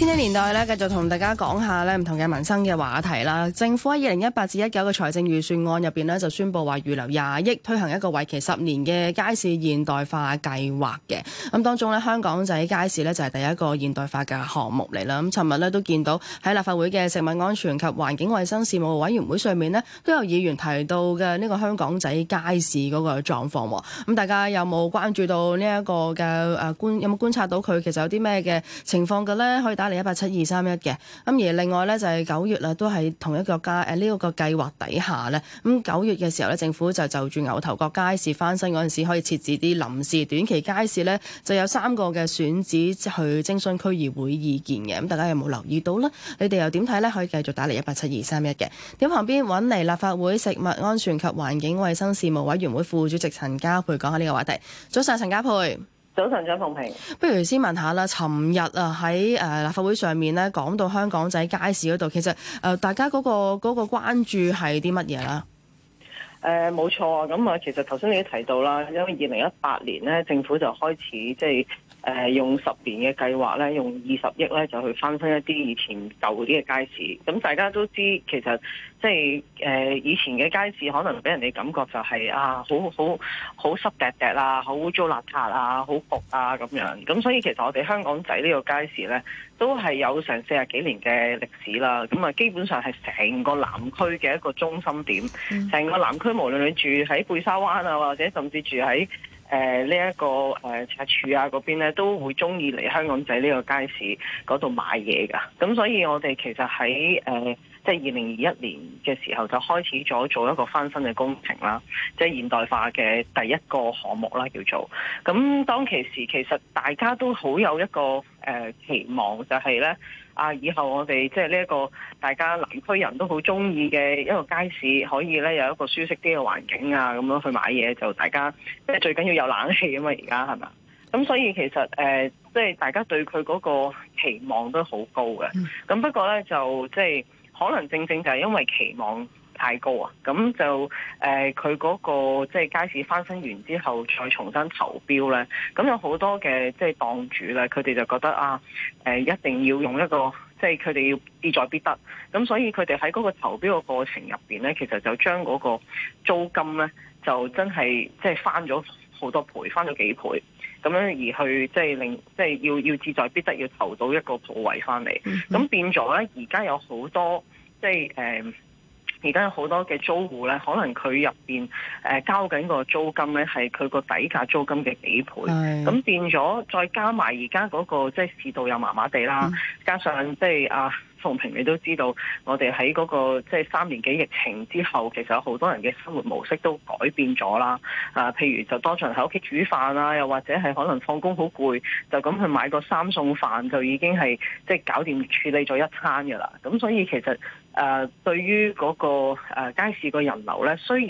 千禧年代咧，繼續同大家講下呢唔同嘅民生嘅話題啦。政府喺二零一八至一九嘅財政預算案入邊呢，就宣布話預留廿億推行一個為期十年嘅街市現代化計劃嘅。咁、嗯、當中呢，香港仔街市呢，就係、是、第一個現代化嘅項目嚟啦。咁尋日呢，都見到喺立法會嘅食物安全及環境衛生事務委員會上面呢，都有議員提到嘅呢個香港仔街市嗰個狀況。咁、嗯、大家有冇關注到呢、這、一個嘅誒觀？有冇觀察到佢其實有啲咩嘅情況嘅呢？可以打。一八七二三一嘅，咁而另外呢，就係、是、九月啦，都係同一國家誒呢、呃這個、個計劃底下呢，咁九月嘅時候咧，政府就就住牛頭角街市翻新嗰陣時，可以設置啲臨時短期街市呢，就有三個嘅選址去徵詢區議會意見嘅，咁、嗯、大家有冇留意到呢？你哋又點睇呢？可以繼續打嚟一八七二三一嘅。咁，旁邊揾嚟立法會食物安全及環境衛生事務委員會副主席陳家珮講下呢個話題。早晨，陳家珮。早晨，陳家珮。不如先問下啦，尋日啊喺誒立法會上面咧講到香港仔街市嗰度，其實誒大家嗰個嗰個關注係啲乜嘢啦？誒冇、呃、錯啊！咁、嗯、啊，其實頭先你都提到啦，因為二零一八年咧，政府就開始即係誒、呃、用十年嘅計劃咧，用二十億咧就去翻新一啲以前舊啲嘅街市。咁、嗯、大家都知，其實即係誒、呃、以前嘅街市，可能俾人哋感覺就係、是、啊，好好好濕滴滴啊，好污糟邋遢啊，好焗啊咁樣。咁、嗯、所以其實我哋香港仔呢個街市咧，都係有成四十幾年嘅歷史啦，咁啊基本上係成個南區嘅一個中心點，成個南區無論你住喺貝沙灣啊，或者甚至住喺誒呢一個誒赤柱啊嗰邊咧，都會中意嚟香港仔呢個街市嗰度買嘢噶。咁所以我哋其實喺誒。呃即係二零二一年嘅時候就開始咗做一個翻新嘅工程啦，即係現代化嘅第一個項目啦，叫做，咁當其時，其實大家都好有一個誒期望，就係呢。啊，以後我哋即係呢一個大家南區人都好中意嘅一個街市，可以呢有一個舒適啲嘅環境啊，咁樣去買嘢就大家即係最緊要有冷氣啊嘛，而家係咪？咁所以其實誒即係大家對佢嗰個期望都好高嘅，咁不過呢，就即係。就是可能正正就係因為期望太高啊，咁就誒佢嗰個即係、就是、街市翻新完之後再重新投標咧，咁有好多嘅即係檔主咧，佢哋就覺得啊誒一定要用一個即係佢哋要志在必得，咁所以佢哋喺嗰個投標個過程入邊咧，其實就將嗰個租金咧就真係即係翻咗好多倍，翻咗幾倍。咁樣而去，即係令，即係要要志在必得，要投到一個舖位翻嚟。咁、嗯、哼變咗咧，而家有好多，即係誒，而、呃、家有好多嘅租戶咧，可能佢入邊誒交緊個租金咧，係佢個底價租金嘅幾倍。咁是變咗，再加埋而家嗰個即係市道又麻麻地啦，嗯、加上即係啊。宋平，你都知道，我哋喺嗰個即係三年幾疫情之後，其實有好多人嘅生活模式都改變咗啦。啊，譬如就多場喺屋企煮飯啊，又或者係可能放工好攰，就咁去買個三餸飯，就已經係即係搞掂處理咗一餐噶啦。咁所以其實誒、呃，對於嗰、那個、呃、街市個人流咧，雖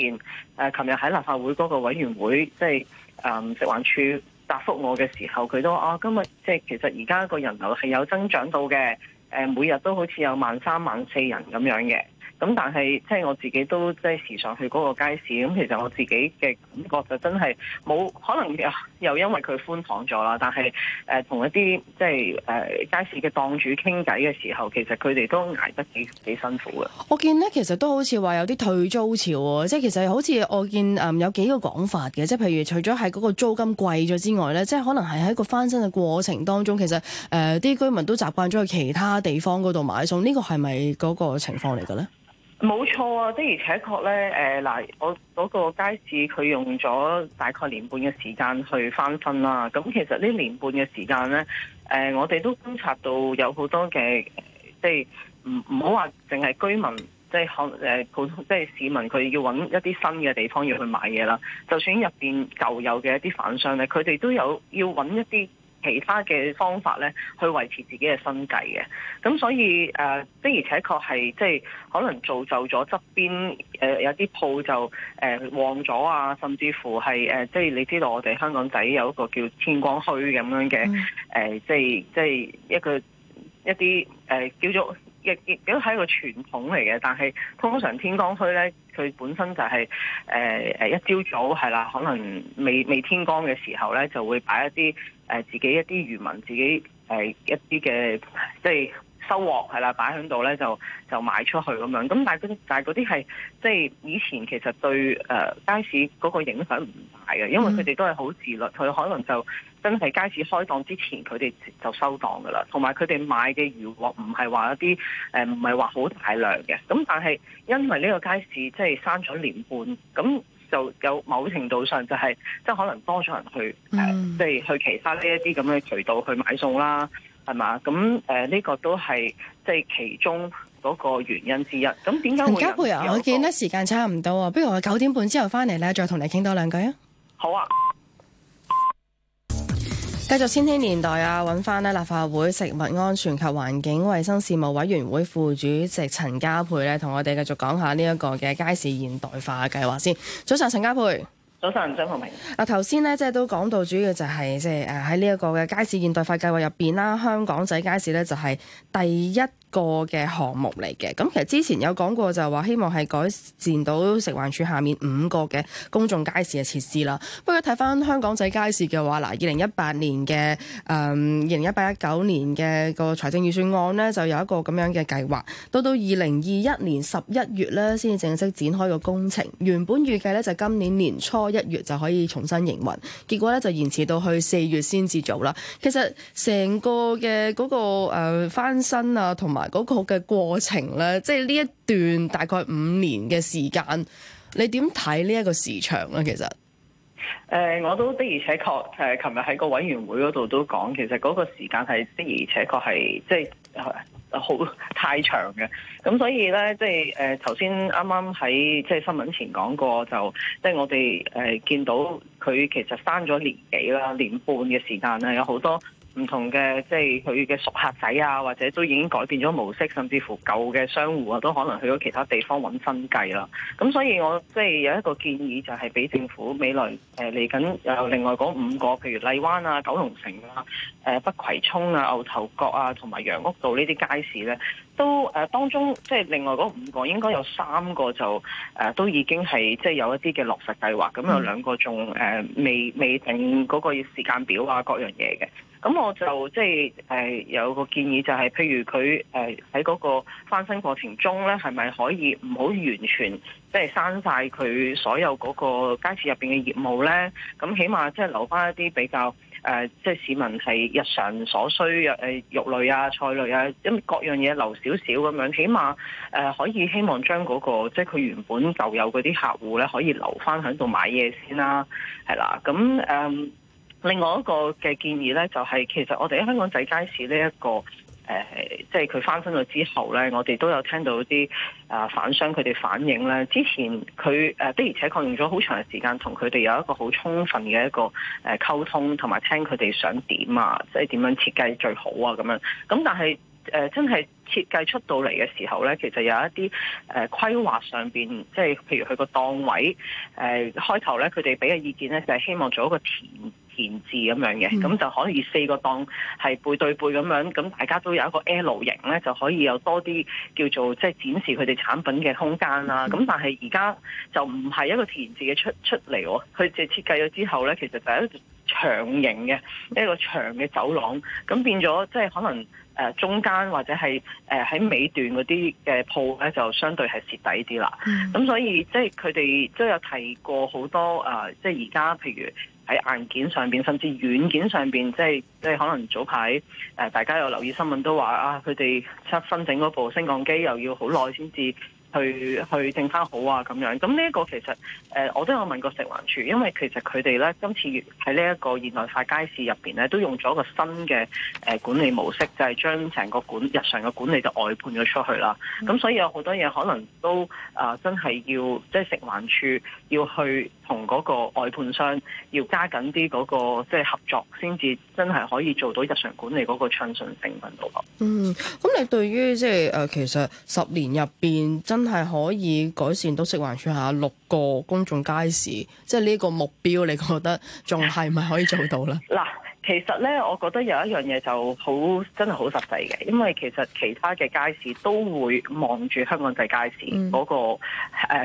然誒琴日喺立法會嗰個委員會即係誒、呃、食環署答覆我嘅時候，佢都話啊，今日即係其實而家個人流係有增長到嘅。誒每日都好似有萬三萬四人咁樣嘅。咁但係即係我自己都即係時常去嗰個街市，咁其實我自己嘅感覺就真係冇可能又，又因為佢寬敞咗啦。但係誒同一啲即係誒、呃、街市嘅檔主傾偈嘅時候，其實佢哋都捱得幾幾辛苦嘅。我見咧其實都好似話有啲退租潮喎，即係其實好似我見、嗯、有幾個講法嘅，即係譬如除咗係嗰個租金貴咗之外呢，即係可能係喺個翻新嘅過程當中，其實誒啲、呃、居民都習慣咗去其他地方嗰度買餸，呢個係咪嗰個情況嚟嘅咧？冇錯啊，的而且確咧，誒、呃、嗱，我、那、嗰個街市佢用咗大概年半嘅時間去翻新啦。咁、嗯、其實呢年半嘅時間咧，誒、呃、我哋都觀察到有好多嘅、呃，即係唔唔好話淨係居民，即係學誒普通，即係市民，佢要揾一啲新嘅地方要去買嘢啦。就算入邊舊有嘅一啲販商咧，佢哋都有要揾一啲。其他嘅方法咧，去維持自己嘅生計嘅，咁所以誒，的、呃、而且確係即係可能造就咗側邊誒、呃、有啲鋪就誒、呃、旺咗啊，甚至乎係誒、呃、即係你知道我哋香港仔有一個叫天光墟咁樣嘅誒、呃，即係即係一個一啲誒、呃、叫做。亦亦都係一個傳統嚟嘅，但係通常天光墟咧，佢本身就係誒誒一朝早係啦，可能未未天光嘅時候咧，就會擺一啲誒、呃、自己一啲漁民自己誒、呃、一啲嘅即係。收穫係啦，擺喺度咧就就賣出去咁樣。咁但係嗰啲但係啲係即係以前其實對誒、呃、街市嗰個影響唔大嘅，因為佢哋都係好自律，佢可能就真係街市開檔之前佢哋就收檔噶啦。同埋佢哋買嘅魚獲唔係話一啲誒唔係話好大量嘅。咁但係因為呢個街市即係閂咗年半，咁就有某程度上就係即係可能多咗人去即係、呃嗯、去其他呢一啲咁嘅渠道去買餸啦。係嘛咁誒？呢、嗯這個都係即係其中嗰個原因之一。咁點解陳家珮啊？我見得時間差唔多啊，不如我九點半之後翻嚟咧，再同你傾多兩句啊。好啊，繼續千禧年代啊，揾翻咧立法會食物安全及環境衛生事務委員會副主席陳家珮咧，同我哋繼續講下呢一個嘅街市現代化計劃先。早晨，陳家珮。早晨，張浩明。嗱，頭先咧，即係都講到主、就係，主要就係即係誒喺呢一個嘅街市現代化計劃入邊啦，香港仔街市咧就係、係、第一個嘅項目嚟嘅，咁其實之前有講過就話希望係改善到食環署下面五個嘅公眾街市嘅設施啦。不過睇翻香港仔街市嘅話，嗱，二零一八年嘅誒二零一八一九年嘅個財政預算案呢，就有一個咁樣嘅計劃。到到二零二一年十一月呢，先正式展開個工程。原本預計呢，就今年年初一月就可以重新營運，結果呢，就延遲到去四月先至做啦。其實成個嘅嗰個、呃、翻新啊，同埋嗰個嘅過程咧，即係呢一段大概五年嘅時間，你點睇呢一個時長咧？其實，誒、呃，我都的而且確誒，琴日喺個委員會嗰度都講，其實嗰個時間係的而且確係即係好、呃、太長嘅。咁所以咧，即係誒頭先啱啱喺即係新聞前講過，就即係我哋誒、呃、見到佢其實生咗年幾啦、年半嘅時間啦，有好多，唔同嘅即係佢嘅熟客仔啊，或者都已經改變咗模式，甚至乎舊嘅商戶啊，都可能去咗其他地方揾新計啦。咁所以我即係有一個建議，就係俾政府未來誒嚟緊有另外嗰五個，譬如荔灣啊、九龍城啊、誒、呃、北葵涌啊、牛頭角啊同埋楊屋道呢啲街市呢，都誒、呃、當中即係另外嗰五個，應該有三個就誒、呃、都已經係即係有一啲嘅落實計劃，咁有兩個仲誒未未，未定嗰個時間表啊，各樣嘢嘅。咁我就即係誒有個建議就係、是，譬如佢誒喺嗰個翻新過程中咧，係咪可以唔好完全即係、就是、刪晒佢所有嗰個街市入邊嘅業務咧？咁起碼即係留翻一啲比較誒，即、呃、係、就是、市民係日常所需誒、呃、肉類啊、菜類啊，因各樣嘢留少少咁樣，起碼誒、呃、可以希望將嗰、那個即係佢原本就有嗰啲客戶咧，可以留翻喺度買嘢先、啊、啦，係啦，咁、呃、誒。另外一個嘅建議咧，就係、是、其實我哋喺香港仔街市呢、這、一個誒，即係佢翻新咗之後咧，我哋都有聽到啲誒、呃、反商佢哋反映咧。之前佢誒的而且確用咗好長嘅時間同佢哋有一個好充分嘅一個誒溝通，同埋聽佢哋想點啊，即係點樣設計最好啊，咁樣。咁但係誒、呃、真係設計出到嚟嘅時候咧，其實有一啲誒、呃、規劃上邊，即、就、係、是、譬如佢個檔位誒、呃、開頭咧，佢哋俾嘅意見咧，就係、是、希望做一個填。田字咁樣嘅，咁就可以四個檔係背對背咁樣，咁大家都有一個 L 型咧，就可以有多啲叫做即係展示佢哋產品嘅空間啦。咁但係而家就唔係一個田字嘅出出嚟、哦，佢就設計咗之後咧，其實就係一個長形嘅一個長嘅走廊，咁變咗即係可能誒中間或者係誒喺尾段嗰啲嘅鋪咧，就相對係蝕底啲啦。咁所以即係佢哋都有提過好多啊，即係而家譬如。喺硬件上邊，甚至軟件上邊，即係即係可能早排誒、呃，大家有留意新聞都話啊，佢哋新整嗰部升降機又要好耐先至去去整翻好啊咁樣。咁呢一個其實誒、呃，我都有問過食環署，因為其實佢哋咧今次喺呢一個現代化街市入邊咧，都用咗個新嘅誒、呃、管理模式，就係、是、將成個管日常嘅管理就外判咗出去啦。咁、嗯、所以有好多嘢可能都啊、呃，真係要即係食環署要去。同嗰個外判商要加緊啲嗰、那個即係，就是，合作，先至真係可以做到日常管理嗰個暢順性度。嗯，咁你對於即係誒，其實十年入邊真係可以改善到食環署下六個公眾街市，即係呢個目標，你覺得仲係咪可以做到咧？嗱。 其實咧，我覺得有一樣嘢就好真係好實際嘅，因為其實其他嘅街市都會望住香港仔街市嗰個誒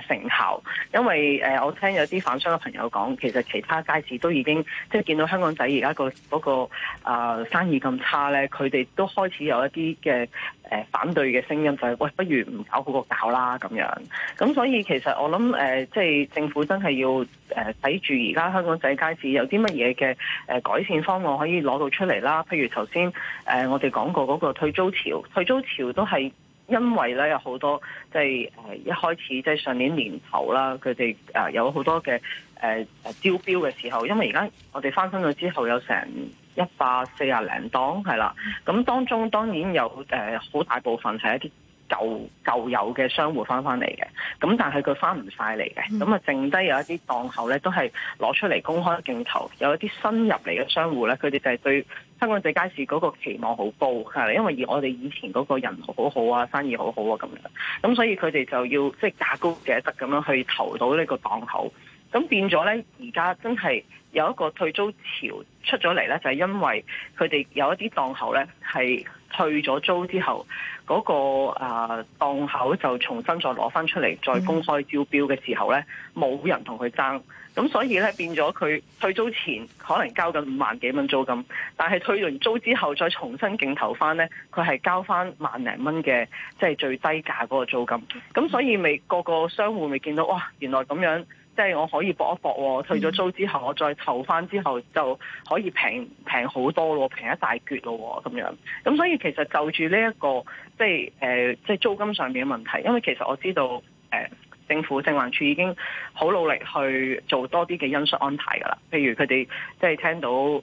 成效，mm. 因為誒我聽有啲反商嘅朋友講，其實其他街市都已經即係見到香港仔而家、嗰個嗰、嗰個、呃、生意咁差咧，佢哋都開始有一啲嘅誒反對嘅聲音，就係、係、喂，不如唔搞嗰個搞啦咁樣。咁所以其實我諗誒、呃，即係政府真係要誒睇住而家香港仔街市有啲乜嘢嘅誒改善方面。我可以攞到出嚟啦，譬如頭先誒我哋講過嗰個退租潮，退租潮都係因為咧有好多即係誒一開始即係、就是、上年年頭啦，佢哋誒有好多嘅誒誒招標嘅時候，因為而家我哋翻新咗之後有成一百四廿零檔，係啦，咁當中當然有誒好、呃、大部分係一啲。舊舊有嘅商戶翻翻嚟嘅，咁但係佢翻唔晒嚟嘅，咁啊、嗯、剩低有一啲檔口咧，都係攞出嚟公開競投。有一啲新入嚟嘅商戶咧，佢哋就係對香港仔街市嗰個期望好高，係因為而我哋以前嗰個人好好啊，生意好好啊咁樣，咁所以佢哋就要即係價高者得咁樣去投到呢個檔口。咁變咗咧，而家真係有一個退租潮出咗嚟咧，就係、是、因為佢哋有一啲檔口咧係。退咗租之後，嗰個啊檔口就重新再攞翻出嚟，再公開招標嘅時候呢，冇人同佢爭，咁所以呢，變咗佢退租前可能交緊五萬幾蚊租金，但係退完租之後再重新競投翻呢，佢係交翻萬零蚊嘅，即係最低價嗰個租金，咁所以咪個個商戶咪見到哇，原來咁樣。即係我可以搏一搏喎，退咗租之後，我再投翻之後就可以平平好多咯，平一大橛咯咁樣。咁所以其實就住呢一個即係誒，即係租金上面嘅問題，因為其實我知道誒政府食環署已經好努力去做多啲嘅因素安排㗎啦，譬如佢哋即係聽到。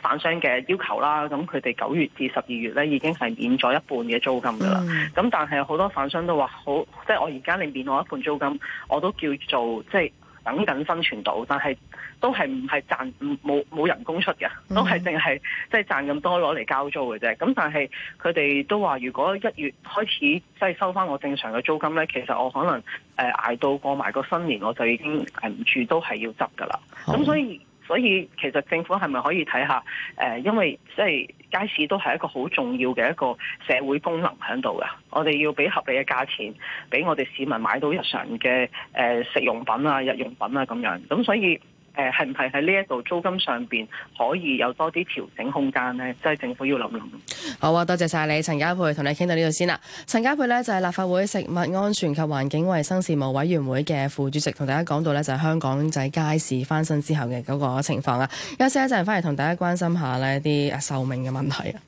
反商嘅要求啦，咁佢哋九月至十二月咧已經係免咗一半嘅租金噶啦，咁、mm hmm. 但係好多反商都話好，即、就、係、是、我而家你免我一半租金，我都叫做即係、就是、等緊生存到，但係都係唔係賺，冇冇人工出嘅，都係淨係即係賺咁多攞嚟交租嘅啫。咁但係佢哋都話，如果一月開始即係收翻我正常嘅租金咧，其實我可能誒、呃、捱到過埋個新年，我就已經捱唔住，都係要執噶啦。咁、mm hmm. 所以。所以其實政府係咪可以睇下？誒、呃，因為即係、就是、街市都係一個好重要嘅一個社會功能喺度嘅，我哋要俾合理嘅價錢，俾我哋市民買到日常嘅誒、呃、食用品啊、日用品啊咁樣，咁所以。誒係唔係喺呢一度租金上邊可以有多啲調整空間呢？即係政府要諗諗。好啊，多謝晒你，陳家珮同你傾到呢度先啦。陳家珮呢，就係立法會食物安全及環境衞生事務委員會嘅副主席，同大家講到呢，就係香港仔街市翻新之後嘅嗰個情況啊。休息一陣，翻嚟同大家關心下呢啲誒壽命嘅問題啊。